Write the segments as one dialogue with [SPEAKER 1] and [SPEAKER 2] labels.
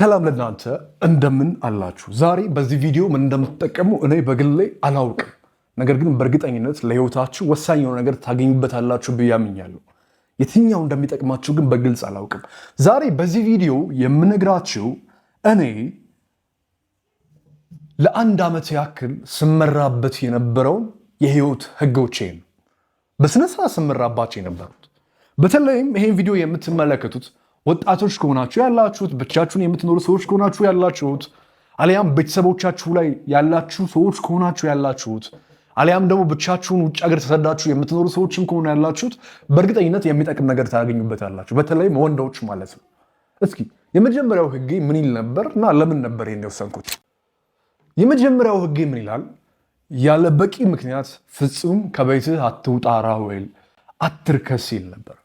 [SPEAKER 1] ሰላም ለእናንተ እንደምን አላችሁ? ዛሬ በዚህ ቪዲዮ ምን እንደምትጠቀሙ እኔ በግሌ አላውቅም፣ ነገር ግን በእርግጠኝነት ለህይወታችሁ ወሳኝ የሆነ ነገር ታገኙበታላችሁ ብዬ አምኛለሁ የትኛው እንደሚጠቅማችሁ ግን በግልጽ አላውቅም። ዛሬ በዚህ ቪዲዮ የምነግራችሁ እኔ ለአንድ ዓመት ያክል ስመራበት የነበረውን የሕይወት ሕጎቼን በስነስርዓት ስመራባቸው የነበሩት በተለይም ይሄን ቪዲዮ የምትመለከቱት ወጣቶች ከሆናችሁ ያላችሁት፣ ብቻችሁን የምትኖሩ ሰዎች ከሆናችሁ ያላችሁት፣ አሊያም ቤተሰቦቻችሁ ላይ ያላችሁ ሰዎች ከሆናችሁ ያላችሁት፣ አሊያም ደግሞ ብቻችሁን ውጭ ሀገር ተሰዳችሁ የምትኖሩ ሰዎችም ከሆነ ያላችሁት፣ በእርግጠኝነት የሚጠቅም ነገር ታገኙበታላችሁ። በተለይም ወንዶች ማለት ነው። እስኪ የመጀመሪያው ህጌ ምን ይል ነበር እና ለምን ነበር ይህን የወሰንኩት? የመጀመሪያው ህጌ ምን ይላል? ያለ በቂ ምክንያት ፍጹም ከቤትህ አትውጣ፣ ራሔል አትርከስ ይል ነበር።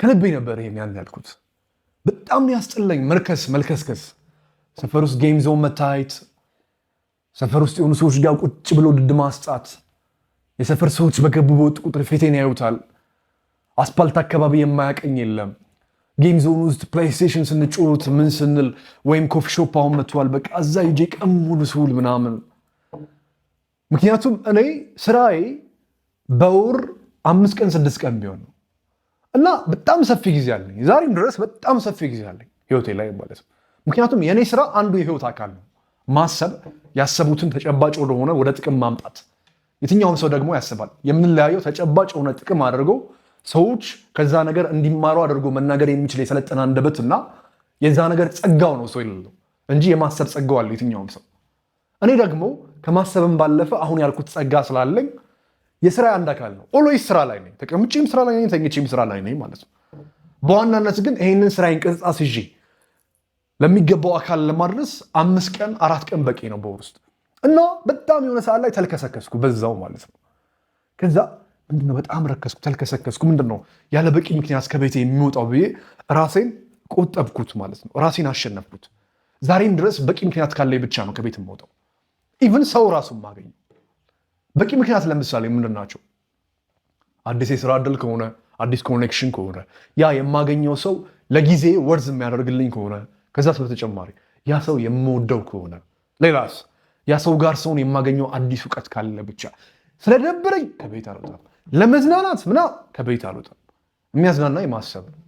[SPEAKER 1] ከልቤ ነበር ይሄን ያን ያልኩት። በጣም ያስጠላኝ መርከስ መልከስከስ፣ ሰፈር ውስጥ ጌም ዞን መታየት፣ ሰፈር ውስጥ የሆኑ ሰዎች ጋር ቁጭ ብሎ ድድ ማስጣት፣ የሰፈር ሰዎች በገቡ በወጡ ቁጥር ፊቴን ያዩታል። አስፓልት አካባቢ የማያቀኝ የለም። ጌም ዞን ውስጥ ፕሌይስቴሽን ስንጫወት ምን ስንል ወይም ኮፊ ሾፕ አሁን መጥተዋል። በቃ እዛ ሂጄ ቀን ሙሉ ስውል ምናምን። ምክንያቱም እኔ ስራዬ በወር አምስት ቀን ስድስት ቀን ቢሆን ነው እና በጣም ሰፊ ጊዜ አለኝ፣ ዛሬም ድረስ በጣም ሰፊ ጊዜ አለኝ ህይወቴ ላይ ማለት ነው። ምክንያቱም የእኔ ስራ አንዱ የህይወት አካል ነው፣ ማሰብ፣ ያሰቡትን ተጨባጭ ወደሆነ ወደ ጥቅም ማምጣት። የትኛውም ሰው ደግሞ ያስባል። የምንለያየው ተጨባጭ የሆነ ጥቅም አድርጎ ሰዎች ከዛ ነገር እንዲማሩ አድርጎ መናገር የሚችል የሰለጠነ አንደበት እና የዛ ነገር ጸጋው ነው ሰው የሌለው እንጂ የማሰብ ጸጋው አለ የትኛውም ሰው። እኔ ደግሞ ከማሰብም ባለፈ አሁን ያልኩት ጸጋ ስላለኝ የስራ አንድ አካል ነው። ኦሎይ ስራ ላይ ነኝ፣ ተቀምጬም ስራ ላይ ነኝ፣ ተኝቼም ስራ ላይ ነኝ ማለት ነው። በዋናነት ግን ይህንን ስራዬን ቅርጻ ስዤ ለሚገባው አካል ለማድረስ አምስት ቀን አራት ቀን በቂ ነው በወር ውስጥ እና በጣም የሆነ ሰዓት ላይ ተልከሰከስኩ በዛው ማለት ነው። ከዛ ምንድነው በጣም ረከስኩ፣ ተልከሰከስኩ። ምንድነው ያለ በቂ ምክንያት ከቤቴ የሚወጣው ብዬ ራሴን ቆጠብኩት ማለት ነው። ራሴን አሸነፍኩት። ዛሬም ድረስ በቂ ምክንያት ካለኝ ብቻ ነው ከቤት የምወጣው ኢቨን ሰው ራሱ የማገኘው በቂ ምክንያት ለምሳሌ ምንድን ናቸው? አዲስ የስራ እድል ከሆነ አዲስ ኮኔክሽን ከሆነ ያ የማገኘው ሰው ለጊዜ ወርዝ የሚያደርግልኝ ከሆነ ከዛ ሰው በተጨማሪ ያ ሰው የምወደው ከሆነ ሌላስ ያ ሰው ጋር ሰውን የማገኘው አዲስ እውቀት ካለ ብቻ ስለደበረኝ ከቤት አልወጣም። ለመዝናናት ምና ከቤት አልወጣም። የሚያዝናና የማሰብ ነው።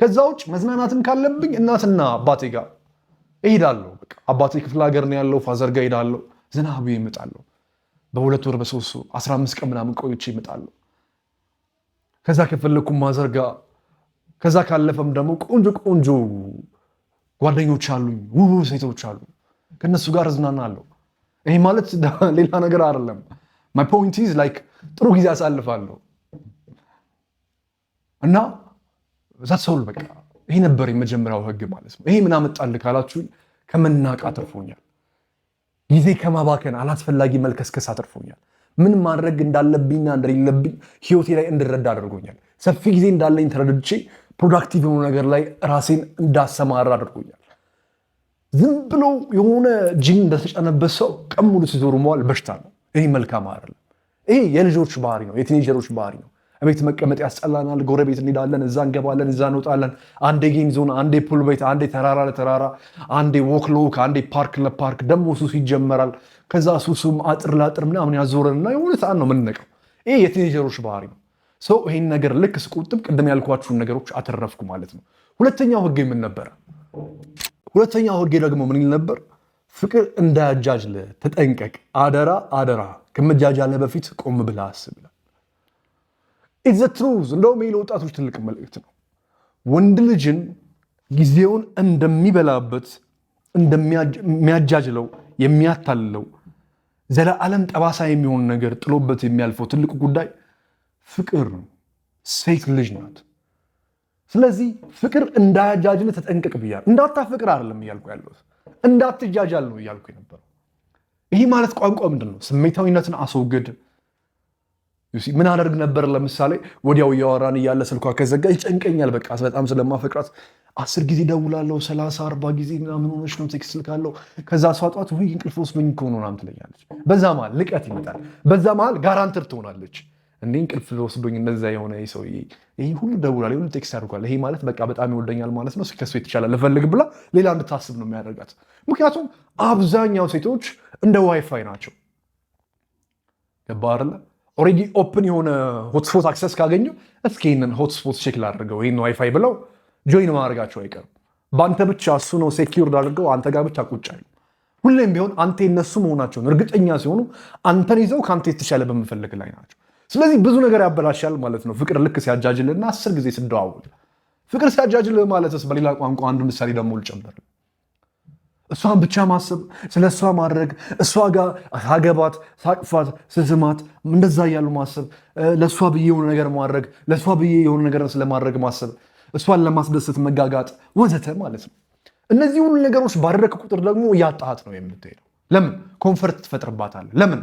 [SPEAKER 1] ከዛ ውጭ መዝናናትም ካለብኝ እናትና አባቴ ጋር እሄዳለሁ። አባቴ ክፍለ ሀገር ነው ያለው፣ ፋዘር ጋር እሄዳለሁ፣ ዘና ብዬ በሁለት ወር በሶስት ወር አስራ አምስት ቀን ምናምን ቆይቼ ይመጣሉ። ከዛ ከፈለግኩም ማዘርጋ ከዛ ካለፈም ደግሞ ቆንጆ ቆንጆ ጓደኞች አሉኝ፣ ውብ ሴቶች አሉ። ከእነሱ ጋር እዝናናለሁ። ይሄ ማለት ሌላ ነገር አይደለም። ማይ ፖይንት ኢዝ ላይክ ጥሩ ጊዜ አሳልፋለሁ እና እዛ ሰውል በቃ ይሄ ነበር የመጀመሪያው ህግ ማለት ነው። ይሄ ምን አመጣልህ ካላችሁ ከመናቅ አትርፎኛል። ጊዜ ከማባከን አላስፈላጊ መልከስከስ አትርፎኛል። ምን ማድረግ እንዳለብኝና እንደሌለብኝ ህይወቴ ላይ እንድረዳ አድርጎኛል። ሰፊ ጊዜ እንዳለኝ ተረድቼ ፕሮዳክቲቭ የሆኑ ነገር ላይ ራሴን እንዳሰማራ አድርጎኛል። ዝም ብሎ የሆነ ጂን እንደተጫነበት ሰው ቀን ሙሉ ሲዞሩ መዋል በሽታ ነው። ይህ መልካም አይደለም። ይሄ የልጆች ባህሪ ነው፣ የቲኔጀሮች ባህሪ ነው። ቤት መቀመጥ ያስጠላናል። ጎረቤት እንሄዳለን፣ እዛ እንገባለን፣ እዛ እንወጣለን። አንዴ ጌም ዞን፣ አንዴ ፑል ቤት፣ አንዴ ተራራ ለተራራ፣ አንዴ ወክ ለወክ፣ አንዴ ፓርክ ለፓርክ። ደግሞ ሱሱ ይጀመራል። ከዛ ሱሱም አጥር ለአጥር ምናምን ያዞረንና የሆነ ሰዓት ነው የምንነቀው። ይሄ የቲኔጀሮች ባህሪ ነው። ሰው ይህን ነገር ልክ ስቆጥብ ቅድም ያልኳችሁን ነገሮች አተረፍኩ ማለት ነው። ሁለተኛው ህግ ምን ነበረ? ሁለተኛው ህግ ደግሞ ምን ይል ነበር? ፍቅር እንዳያጃጅል ተጠንቀቅ፣ አደራ አደራ፣ ከመጃጃለ በፊት ቆም ብለህ አስብ። ኢትስ ዘ ትሩዝ። እንደውም ይህ ለወጣቶች ትልቅ መልእክት ነው። ወንድ ልጅን ጊዜውን እንደሚበላበት እንደሚያጃጅለው፣ የሚያታልለው ዘለዓለም ጠባሳ የሚሆን ነገር ጥሎበት የሚያልፈው ትልቁ ጉዳይ ፍቅር ነው። ሴት ልጅ ናት። ስለዚህ ፍቅር እንዳያጃጅል ተጠንቀቅ ብያለሁ። እንዳታፈቅር አይደለም እያልኩ ያለሁት እንዳትጃጃል ነው እያልኩ የነበረው። ይህ ማለት ቋንቋ ምንድን ነው? ስሜታዊነትን አስወግድ ምን አደርግ ነበር? ለምሳሌ ወዲያው እያወራን እያለ ስልኳ ከዘጋ ይጨንቀኛል። በቃ በጣም ስለማፈቅራት አስር ጊዜ ደውላለሁ፣ ሰላሳ አርባ ጊዜ ምናምን ሆኖች ነው ቴክስት ልካለሁ። ከዛ ሷጧት ጠዋት ወይ እንቅልፍ ወስዶኝ ከሆኑ ምናምን ትለኛለች። በዛ መሀል ልቀት ይመጣል። በዛ መሀል ጋራንትር ትሆናለች። እንዴ እንቅልፍ ወስዶኝ እነዛ የሆነ ሰውዬ ይህ ሁሉ ደውላል፣ ሁሉ ቴክስት አድርጓል። ይሄ ማለት በቃ በጣም ይወደኛል ማለት ነው። ከሱ የተሻለ ልፈልግ ብላ ሌላ እንድታስብ ነው የሚያደርጋት። ምክንያቱም አብዛኛው ሴቶች እንደ ዋይፋይ ናቸው። ገባ አይደለ ኦልሬዲ ኦፕን የሆነ ሆትስፖት አክሰስ ካገኙ እስኪ ይህንን ሆትስፖት ቼክ ላደርገው ይህን ዋይፋይ ብለው ጆይን ማድረጋቸው አይቀርም። በአንተ ብቻ እሱ ነው ሴኪር አድርገው አንተ ጋር ብቻ ቁጭ ሁሌም ቢሆን አንተ የነሱ መሆናቸውን እርግጠኛ ሲሆኑ አንተን ይዘው ከአንተ የተሻለ በምፈልግ ላይ ናቸው። ስለዚህ ብዙ ነገር ያበላሻል ማለት ነው። ፍቅር ልክ ሲያጃጅልና አስር ጊዜ ስደዋውል ፍቅር ሲያጃጅል ማለትስ በሌላ ቋንቋ አንዱ ምሳሌ ደግሞ ልጨምር እሷን ብቻ ማሰብ፣ ስለ እሷ ማድረግ፣ እሷ ጋር ሳገባት፣ ሳቅፋት፣ ስስማት እንደዛ እያሉ ማሰብ፣ ለእሷ ብዬ የሆነ ነገር ማድረግ፣ ለእሷ ብዬ የሆነ ነገር ስለማድረግ ማሰብ፣ እሷን ለማስደሰት መጋጋጥ፣ ወዘተ ማለት ነው። እነዚህ ሁሉ ነገሮች ባደረግ ቁጥር ደግሞ እያጣሃት ነው የምትሄደው። ለምን ኮንፈርት ትፈጥርባታለህ? ለምን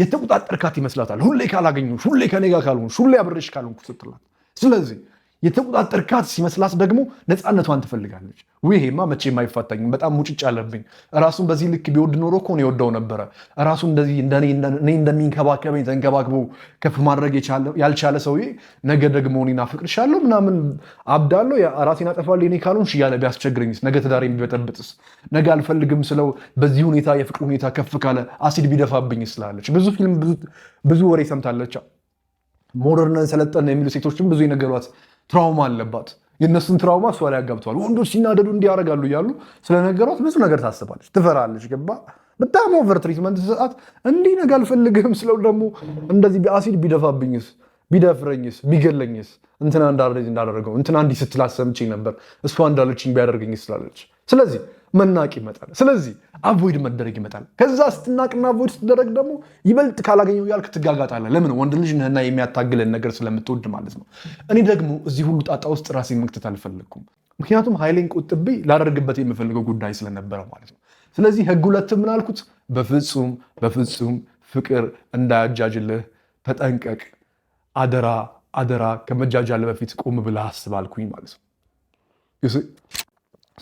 [SPEAKER 1] የተቆጣጠርካት ይመስላታል። ሁሌ ካላገኘሁሽ፣ ሁሌ ከኔ ጋር ካልሆንሽ፣ ሁሌ አብሬሽ ካልሆንኩ ስትላት ስለዚህ የተቆጣጠርካት ሲመስላት ደግሞ ነፃነቷን ትፈልጋለች። ይሄማ መቼም አይፋታኝም፣ በጣም ሙጭጭ አለብኝ። ራሱን በዚህ ልክ ቢወድ ኖሮ እኮ ነው የወደው ነበረ። ራሱ እንደዚህ እኔ እንደሚንከባከበኝ ተንከባክቦ ከፍ ማድረግ ያልቻለ ሰውዬ ነገ ደግሞ እኔን አፈቅርሻለሁ ምናምን አብዳለሁ፣ ራሴን አጠፋለሁ፣ እኔ ካልሆንሽ እያለ ቢያስቸግረኝስ፣ ነገ ትዳሬን ቢበጠብጥስ፣ ነገ አልፈልግም ስለው በዚህ ሁኔታ የፍቅር ሁኔታ ከፍ ካለ አሲድ ቢደፋብኝ ስላለች ብዙ ፊልም ብዙ ወሬ ሰምታለች። ሞደርን ሰለጠን የሚሉ ሴቶችም ብዙ የነገሯት ትራውማ አለባት። የእነሱን ትራውማ እሷ ላይ ያጋብተዋል። ወንዶች ሲናደዱ እንዲያደረጋሉ እያሉ ስለነገሯት ብዙ ነገር ታስባለች፣ ትፈራለች። ገባ በጣም ኦቨር ትሪትመንት ሰዓት እንዲህ ነገ አልፈልግህም ስለው ደግሞ እንደዚህ በአሲድ ቢደፋብኝስ ቢደፍረኝስ ቢገለኝስ እንትና እንዳደረገው እንትና እንዲህ ስትላሰምችኝ ነበር እሷ እንዳለችኝ ቢያደርገኝ ስላለች ስለዚህ መናቅ ይመጣል። ስለዚህ አቮይድ መደረግ ይመጣል። ከዛ ስትናቅና አቮይድ ስትደረግ ደግሞ ይበልጥ ካላገኘው ያልክ ትጋጋጣለህ። ለምን? ወንድ ልጅ ነህና የሚያታግለን ነገር ስለምትወድ ማለት ነው። እኔ ደግሞ እዚህ ሁሉ ጣጣ ውስጥ ራሴን መክተት አልፈለግኩም። ምክንያቱም ኃይሌን ቁጥቤ ላደርግበት የምፈልገው ጉዳይ ስለነበረ ማለት ነው። ስለዚህ ህግ ሁለት ምን አልኩት? በፍጹም በፍጹም ፍቅር እንዳያጃጅልህ ተጠንቀቅ፣ አደራ አደራ፣ ከመጃጃለ በፊት ቆም ብለህ አስብ አልኩኝ ማለት ነው።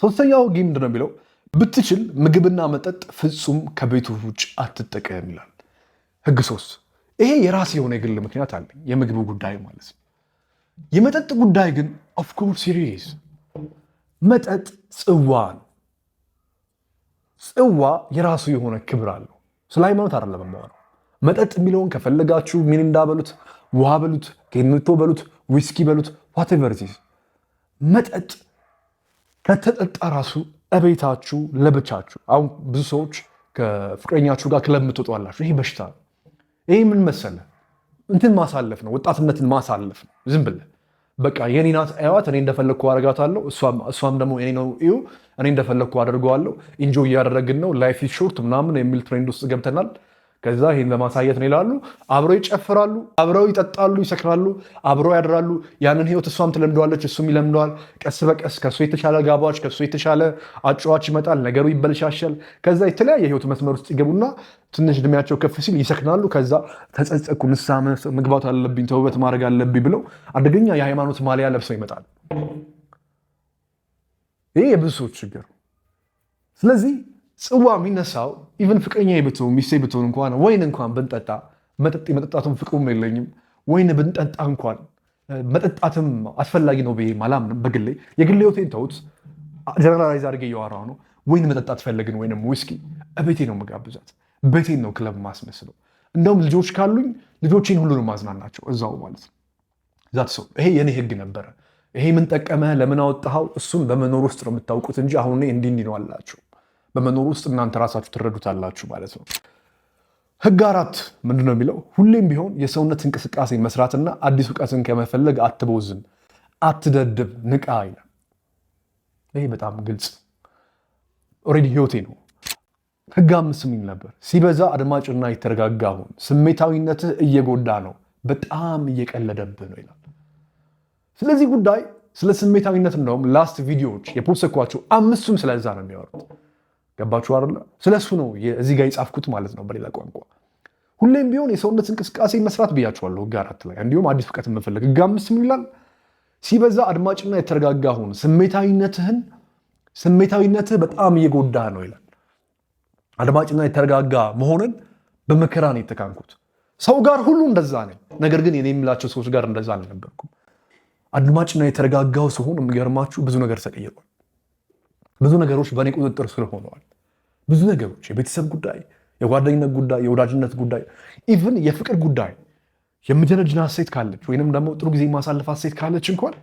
[SPEAKER 1] ሶስተኛው ጊም ምንድነው የሚለው ብትችል ምግብና መጠጥ ፍጹም ከቤቱ ውጭ አትጠቀም ይላል ህግ ሶስት። ይሄ የራስ የሆነ የግል ምክንያት አለ የምግብ ጉዳይ ማለት ነው። የመጠጥ ጉዳይ ግን ኦፍኮርስ ሲሪየስ። መጠጥ ጽዋ ነው። ጽዋ የራሱ የሆነ ክብር አለው። ስለ ሃይማኖት አይደለም የማወራው። መጠጥ የሚለውን ከፈለጋችሁ ምን እንዳበሉት፣ ውሃ በሉት፣ ጌምቶ በሉት፣ ዊስኪ በሉት፣ ዋቴቨር መጠጥ ከተጠጣ ራሱ እቤታችሁ ለብቻችሁ። አሁን ብዙ ሰዎች ከፍቅረኛችሁ ጋር ክለብ የምትወጡ አላችሁ። ይሄ በሽታ ነው። ይሄ ምን መሰለ እንትን ማሳለፍ ነው፣ ወጣትነትን ማሳለፍ ነው። ዝም ብለ በቃ የኔ ናት እያዋት፣ እኔ እንደፈለግኩ አደርጋታለሁ፣ እሷም ደግሞ የኔ ነው እዩ፣ እኔ እንደፈለግኩ አደርገዋለሁ፣ ኢንጆይ እያደረግን ነው፣ ላይፍ ሾርት ምናምን የሚል ትሬንድ ውስጥ ገብተናል። ከዛ ይህን ለማሳየት ነው ይላሉ። አብረው ይጨፍራሉ፣ አብረው ይጠጣሉ፣ ይሰክራሉ፣ አብረው ያድራሉ። ያንን ህይወት እሷም ትለምደዋለች፣ እሱም ይለምደዋል። ቀስ በቀስ ከእሱ የተሻለ ጋባዎች፣ ከእሱ የተሻለ አጫዋች ይመጣል። ነገሩ ይበልሻሻል። ከዛ የተለያየ ህይወት መስመር ውስጥ ይገቡና ትንሽ እድሜያቸው ከፍ ሲል ይሰክናሉ። ከዛ ተጸጸኩ፣ ንስሐ መግባት አለብኝ፣ ተውበት ማድረግ አለብኝ ብለው አደገኛ የሃይማኖት ማሊያ ለብሰው ይመጣል። ይህ የብዙ ሰዎች ችግር ስለዚህ ጽዋ የሚነሳው ኢቨን ፍቅረኛ ብትሆን ሚስቴ ብትሆን እንኳን ወይን እንኳን ብንጠጣ መጠጥ የመጠጣቱን ፍቅሩም የለኝም። ወይን ብንጠጣ እንኳን መጠጣትም አስፈላጊ ነው ብዬ አላምንም። በግሌ የግሌ ሆቴን ተውት፣ ጀነራላይዝ አድርጌ እያወራሁ ነው። ወይን መጠጣት ፈለግን ወይንም ዊስኪ እቤቴ ነው መጋብዛት፣ ቤቴን ነው ክለብ ማስመስለው። እንደውም ልጆች ካሉኝ ልጆቼን ሁሉ ነው ማዝናናቸው እዛው ማለት ነው። ዛት ሰው ይሄ የኔ ህግ ነበረ። ይሄ ምን ጠቀመ ለምን አወጣኸው፣ እሱም በመኖር ውስጥ ነው የምታውቁት እንጂ አሁን እኔ እንዲህ እንዲህ ነው አላቸው በመኖር ውስጥ እናንተ ራሳችሁ ትረዱታላችሁ ማለት ነው። ህግ አራት ምንድን ነው የሚለው? ሁሌም ቢሆን የሰውነት እንቅስቃሴ መስራትና አዲስ እውቀትን ከመፈለግ አትቦዝን፣ አትደድብ፣ ንቃ ይላል። ይሄ በጣም ግልጽ ኦልሬዲ ህይወቴ ነው። ህግ አምስት የሚል ነበር፣ ሲበዛ አድማጭና የተረጋጋ ሁን፣ ስሜታዊነትህ እየጎዳ ነው፣ በጣም እየቀለደብህ ነው ይላል። ስለዚህ ጉዳይ ስለ ስሜታዊነት እንደውም ላስት ቪዲዮዎች የፖሰኳቸው አምስቱም ስለዛ ነው የሚያወሩት። ገባችሁ አይደለ? ስለ እሱ ነው እዚህ ጋር የጻፍኩት ማለት ነው። በሌላ ቋንቋ ሁሌም ቢሆን የሰውነት እንቅስቃሴ መስራት ብያችኋለሁ፣ ህግ አራት ላይ እንዲሁም አዲስ ፍቀት መፈለግ። ህግ አምስት ምን ይላል? ሲበዛ አድማጭና የተረጋጋ ሁን፣ ስሜታዊነትህን ስሜታዊነትህ በጣም እየጎዳህ ነው ይላል። አድማጭና የተረጋጋ መሆንን በመከራ ነው የተካንኩት። ሰው ጋር ሁሉ እንደዛ ነኝ፣ ነገር ግን እኔ የሚላቸው ሰዎች ጋር እንደዛ አልነበርኩም። አድማጭና የተረጋጋው ሲሆን የሚገርማችሁ ብዙ ነገር ተቀይሯል። ብዙ ነገሮች በእኔ ቁጥጥር ስር ሆነዋል። ብዙ ነገሮች የቤተሰብ ጉዳይ፣ የጓደኝነት ጉዳይ፣ የወዳጅነት ጉዳይ፣ ኢቭን የፍቅር ጉዳይ። የምጀነጅና ሴት ካለች ወይንም ደግሞ ጥሩ ጊዜ ማሳለፋት ሴት ካለች እንኳን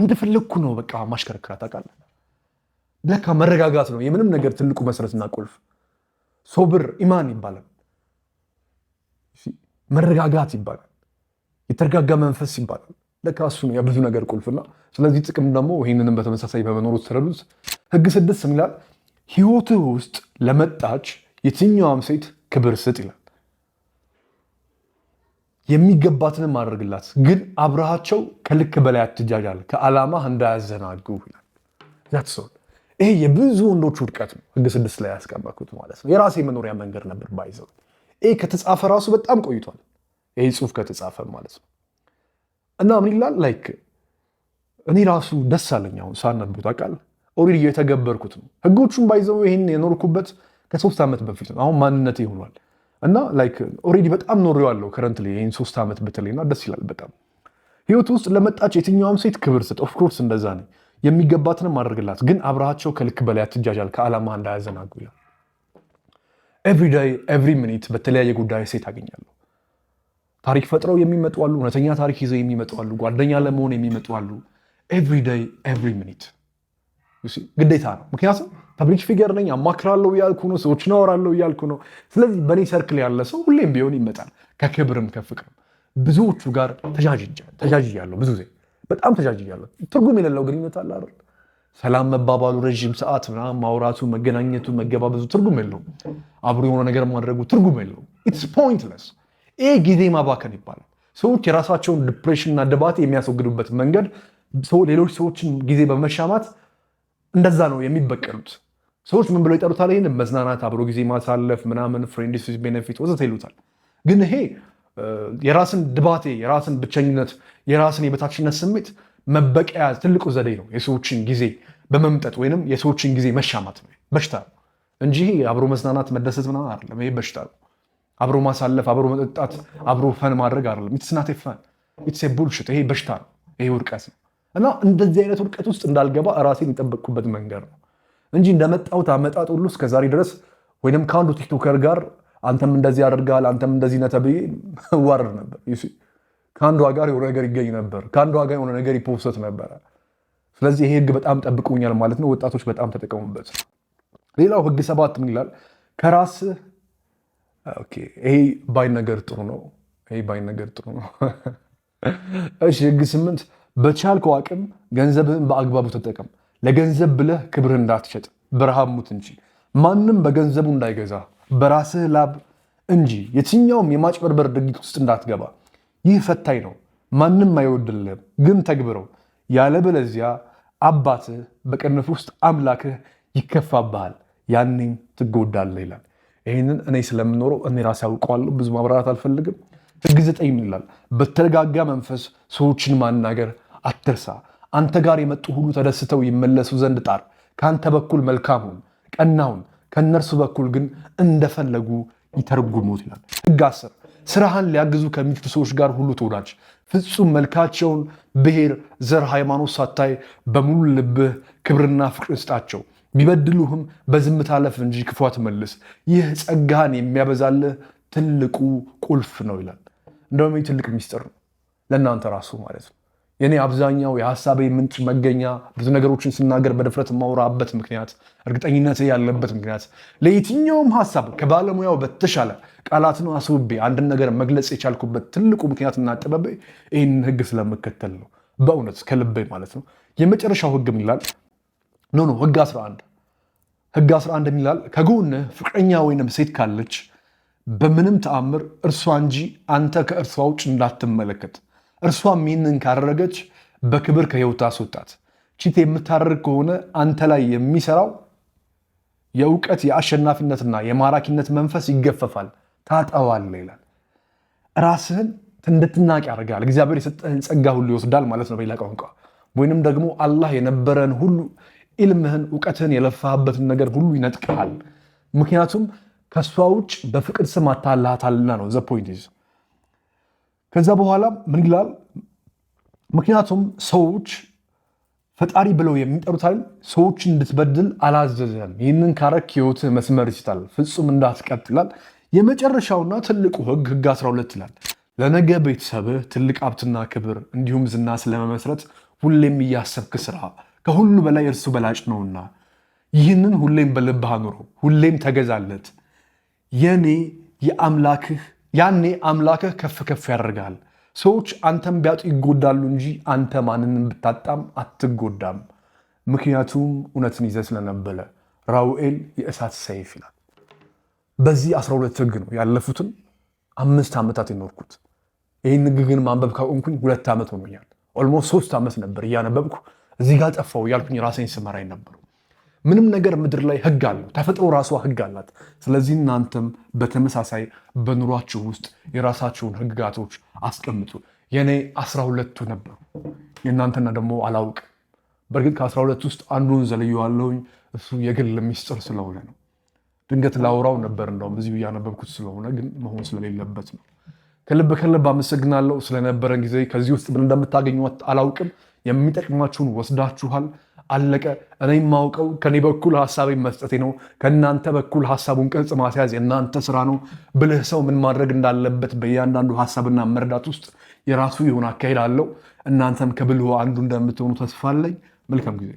[SPEAKER 1] እንደፈለግኩ ነው በቃ ማሽከርከር። ታውቃለህ፣ ለካ መረጋጋት ነው የምንም ነገር ትልቁ መሰረትና ቁልፍ። ሶብር ኢማን ይባላል፣ መረጋጋት ይባላል፣ የተረጋጋ መንፈስ ይባላል። ለካ እሱ ነው የብዙ ነገር ቁልፍና ስለዚህ ጥቅም ደግሞ ይህንንም በተመሳሳይ በመኖሩ ተረዱት። ህግ ስድስት ምን ህይወትህ ውስጥ ለመጣች የትኛዋም ሴት ክብር ስጥ ይላል። የሚገባትንም አድርግላት፣ ግን አብረሃቸው ከልክ በላይ አትጃጃል፣ ከዓላማህ እንዳያዘናጉ ይላል። ይሄ የብዙ ወንዶች ውድቀት ነው። ህግ ስድስት ላይ ያስቀመጥኩት ማለት ነው። የራሴ መኖሪያ መንገድ ነበር ባይዘው። ይሄ ከተጻፈ ራሱ በጣም ቆይቷል። ይሄ ጽሁፍ ከተጻፈ ማለት ነው። እና ምን ይላል ላይክ እኔ ራሱ ደስ አለኝ አሁን ሳነብቦት አውቃለሁ ኦልሬዲ የተገበርኩት ነው። ህጎቹን ባይዘው ይህን የኖርኩበት ከሶስት ዓመት በፊት ነው። አሁን ማንነቴ ሆኗል እና ላይክ ኦልሬዲ በጣም ኖሬዋለሁ። ከረንትሊ ይህን ሶስት ዓመት በተለይ ደስ ይላል በጣም ህይወት ውስጥ ለመጣች የትኛውም ሴት ክብር ስጥ። ኦፍኮርስ እንደዛ ነው የሚገባትንም አድርግላት፣ ግን አብረሃቸው ከልክ በላይ አትጃጃል፣ ከዓላማ እንዳያዘናጉ ይላል። ኤቭሪዳይ ኤቭሪ ሚኒት በተለያየ ጉዳይ ሴት አገኛለሁ። ታሪክ ፈጥረው የሚመጡ አሉ፣ እውነተኛ ታሪክ ይዘው የሚመጡ አሉ፣ ጓደኛ ለመሆን የሚመጡ አሉ። ኤቭሪዳይ ኤቭሪ ሚኒት ግዴታ ነው። ምክንያቱም ፐብሊክ ፊገር ነኝ፣ አማክራለሁ እያልኩ ነው፣ ሰዎች አወራለሁ እያልኩ ነው። ስለዚህ በእኔ ሰርክል ያለ ሰው ሁሌም ቢሆን ይመጣል፣ ከክብርም ከፍቅርም። ብዙዎቹ ጋር ተጃጅያለሁ፣ ብዙ ጊዜ በጣም ተጃጅያለሁ። ትርጉም የሌለው ግንኙነት አለ አይደል? ሰላም መባባሉ፣ ረዥም ሰዓት ምናምን ማውራቱ፣ መገናኘቱ፣ መገባበዙ ትርጉም የለውም። አብሮ የሆነ ነገር ማድረጉ ትርጉም የለውም። ኢትስ ፖይንትለስ። ይህ ጊዜ ማባከን ይባላል። ሰዎች የራሳቸውን ዲፕሬሽንና ድባት የሚያስወግዱበት መንገድ ሌሎች ሰዎችን ጊዜ በመሻማት እንደዛ ነው የሚበቀሉት። ሰዎች ምን ብለው ይጠሩታል? ይህን መዝናናት፣ አብሮ ጊዜ ማሳለፍ ምናምን፣ ፍሬንድ ዊዝ ቤኔፊት ወዘተ ይሉታል። ግን ይሄ የራስን ድባቴ፣ የራስን ብቸኝነት፣ የራስን የበታችነት ስሜት መበቀያ ትልቁ ዘዴ ነው። የሰዎችን ጊዜ በመምጠጥ ወይም የሰዎችን ጊዜ መሻማት ነው፣ በሽታ ነው እንጂ ይሄ አብሮ መዝናናት፣ መደሰት ምናምን አይደለም። ይሄ በሽታ ነው። አብሮ ማሳለፍ፣ አብሮ መጠጣት፣ አብሮ ፈን ማድረግ አይደለም። ኢትስ ናት ፈን፣ ኢትስ ቡልሽት። ይሄ በሽታ ነው። ይሄ ውድቀት ነው። እና እንደዚህ አይነት ውድቀት ውስጥ እንዳልገባ ራሴን የጠበቅኩበት መንገድ ነው እንጂ እንደመጣሁት አመጣጥ ሁሉ እስከዛሬ ድረስ ወይም ከአንዱ ቲክቶከር ጋር አንተም እንደዚህ አድርገሃል፣ አንተም እንደዚህ ነህ ተብዬ እዋረድ ነበር። ከአንዷ ጋር የሆነ ነገር ይገኝ ነበር፣ ከአንዷ ጋር የሆነ ነገር ይፖሰት ነበረ። ስለዚህ ይሄ ህግ በጣም ጠብቆኛል ማለት ነው። ወጣቶች በጣም ተጠቀሙበት። ሌላው ህግ ሰባት ምን ይላል? ከራስህ ይሄ ነገር ጥሩ ነው። ይሄ ነገር ጥሩ ነው። እሺ ህግ ስምንት በቻልከው አቅም ገንዘብህን በአግባቡ ተጠቀም። ለገንዘብ ብለህ ክብር እንዳትሸጥ በረሃብ ሙት እንጂ ማንም በገንዘቡ እንዳይገዛ በራስህ ላብ እንጂ የትኛውም የማጭበርበር ድርጊት ውስጥ እንዳትገባ። ይህ ፈታኝ ነው፣ ማንም አይወድልህም፣ ግን ተግብረው። ያለበለዚያ አባትህ በቅንፍ ውስጥ አምላክህ ይከፋብሃል፣ ያኔም ትጎዳለህ ይላል። ይህንን እኔ ስለምኖረው እኔ ራሴ አውቀዋለሁ። ብዙ ማብራራት አልፈልግም። ሕግ ዘጠኝ ምን ይላል? በተረጋጋ መንፈስ ሰዎችን ማናገር አትርሳ። አንተ ጋር የመጡ ሁሉ ተደስተው ይመለሱ ዘንድ ጣር። ከአንተ በኩል መልካሙን ቀናውን፣ ከእነርሱ በኩል ግን እንደፈለጉ ይተርጉሙት ይላል። ሕግ አስር ስራህን ሊያግዙ ከሚችሉ ሰዎች ጋር ሁሉ ተወዳጅ። ፍጹም መልካቸውን፣ ብሔር፣ ዘር፣ ሃይማኖት ሳታይ በሙሉ ልብህ ክብርና ፍቅር ስጣቸው። ቢበድሉህም በዝምታ አለፍ እንጂ ክፉ አትመልስ። ይህ ጸጋህን የሚያበዛልህ ትልቁ ቁልፍ ነው ይላል። እንደውም ትልቅ ሚስጥር ነው ለእናንተ ራሱ ማለት ነው። የኔ አብዛኛው የሀሳቤ ምንጭ መገኛ ብዙ ነገሮችን ስናገር በድፍረት ማውራበት ምክንያት እርግጠኝነት ያለበት ምክንያት ለየትኛውም ሀሳብ ከባለሙያው በተሻለ ቃላትን አስውቤ አንድን ነገር መግለጽ የቻልኩበት ትልቁ ምክንያትና ጥበቤ ይህንን ህግ ስለምከተል ነው። በእውነት ከልቤ ማለት ነው። የመጨረሻው ሕግ ይላል? ኖ ኖ ሕግ 11 ህግ 11 ሚላል ከጎንህ ፍቅረኛ ወይንም ሴት ካለች በምንም ተአምር እርሷ እንጂ አንተ ከእርሷ ውጭ እንዳትመለከት። እርሷም ይህንን ካደረገች በክብር ከህይወት አስወጣት። ቺት የምታደርግ ከሆነ አንተ ላይ የሚሰራው የእውቀት የአሸናፊነትና የማራኪነት መንፈስ ይገፈፋል፣ ታጠዋል ይላል። ራስህን እንድትናቅ ያደርጋል። እግዚአብሔር የሰጠህን ጸጋ ሁሉ ይወስዳል ማለት ነው በሌላ ቋንቋ። ወይንም ደግሞ አላህ የነበረን ሁሉ ኢልምህን፣ እውቀትህን፣ የለፋህበትን ነገር ሁሉ ይነጥቅሃል። ምክንያቱም ከእሷ ውጭ በፍቅር ስም አታላታልና ነው ዘ ፖይንት ከዛ በኋላ ምን ይላል? ምክንያቱም ሰዎች ፈጣሪ ብለው የሚጠሩት አይደል ሰዎች እንድትበድል አላዘዘም። ይህንን ካረክ ህይወት መስመር ይስታል ፍጹም እንዳትቀጥላል የመጨረሻውና ትልቁ ህግ ህግ 12 ይላል ለነገ ቤተሰብህ ትልቅ ሀብትና ክብር እንዲሁም ዝና ስለመመስረት ሁሌም እያሰብክ ስራ፣ ከሁሉ በላይ እርሱ በላጭ ነውና። ይህንን ሁሌም በልብህ አኑረው፣ ሁሌም ተገዛለት። የኔ የአምላክህ ያኔ አምላክህ ከፍ ከፍ ያደርጋል። ሰዎች አንተም ቢያጡ ይጎዳሉ እንጂ አንተ ማንንም ብታጣም አትጎዳም፣ ምክንያቱም እውነትን ይዘ ስለነበለ ራውኤል የእሳት ሰይፍ ይላል። በዚህ 12 ህግ ነው ያለፉትን አምስት ዓመታት የኖርኩት። ይህን ህግ ግን ማንበብ ካቆምኩኝ ሁለት ዓመት ሆኖኛል። ኦልሞስት ሶስት ዓመት ነበር እያነበብኩ እዚህ ጋር ጠፋው እያልኩኝ ራሴን ስመራኝ ነበሩ። ምንም ነገር ምድር ላይ ህግ አለው። ተፈጥሮ ራሷ ህግ አላት። ስለዚህ እናንተም በተመሳሳይ በኑሯችሁ ውስጥ የራሳችሁን ህግጋቶች አስቀምጡ። የኔ አስራ ሁለቱ ነበሩ፣ የእናንተና ደግሞ አላውቅ በእርግጥ ከአስራ ሁለቱ ውስጥ አንዱን ዘለየዋለሁኝ። እሱ የግል ሚስጥር ስለሆነ ነው። ድንገት ላውራው ነበር እንደውም እዚሁ እያነበብኩት ስለሆነ ግን መሆን ስለሌለበት ነው። ከልብ ከልብ አመሰግናለሁ ስለነበረን ጊዜ። ከዚህ ውስጥ ምን እንደምታገኙት አላውቅም። የሚጠቅማችሁን ወስዳችኋል። አለቀ። እኔ የማውቀው ከኔ በኩል ሀሳብ መስጠቴ ነው። ከእናንተ በኩል ሀሳቡን ቅርጽ ማስያዝ የእናንተ ስራ ነው። ብልህ ሰው ምን ማድረግ እንዳለበት በእያንዳንዱ ሀሳብና መርዳት ውስጥ የራሱ የሆነ አካሄድ አለው። እናንተም ከብልሁ አንዱ እንደምትሆኑ ተስፋ አለኝ። መልካም ጊዜ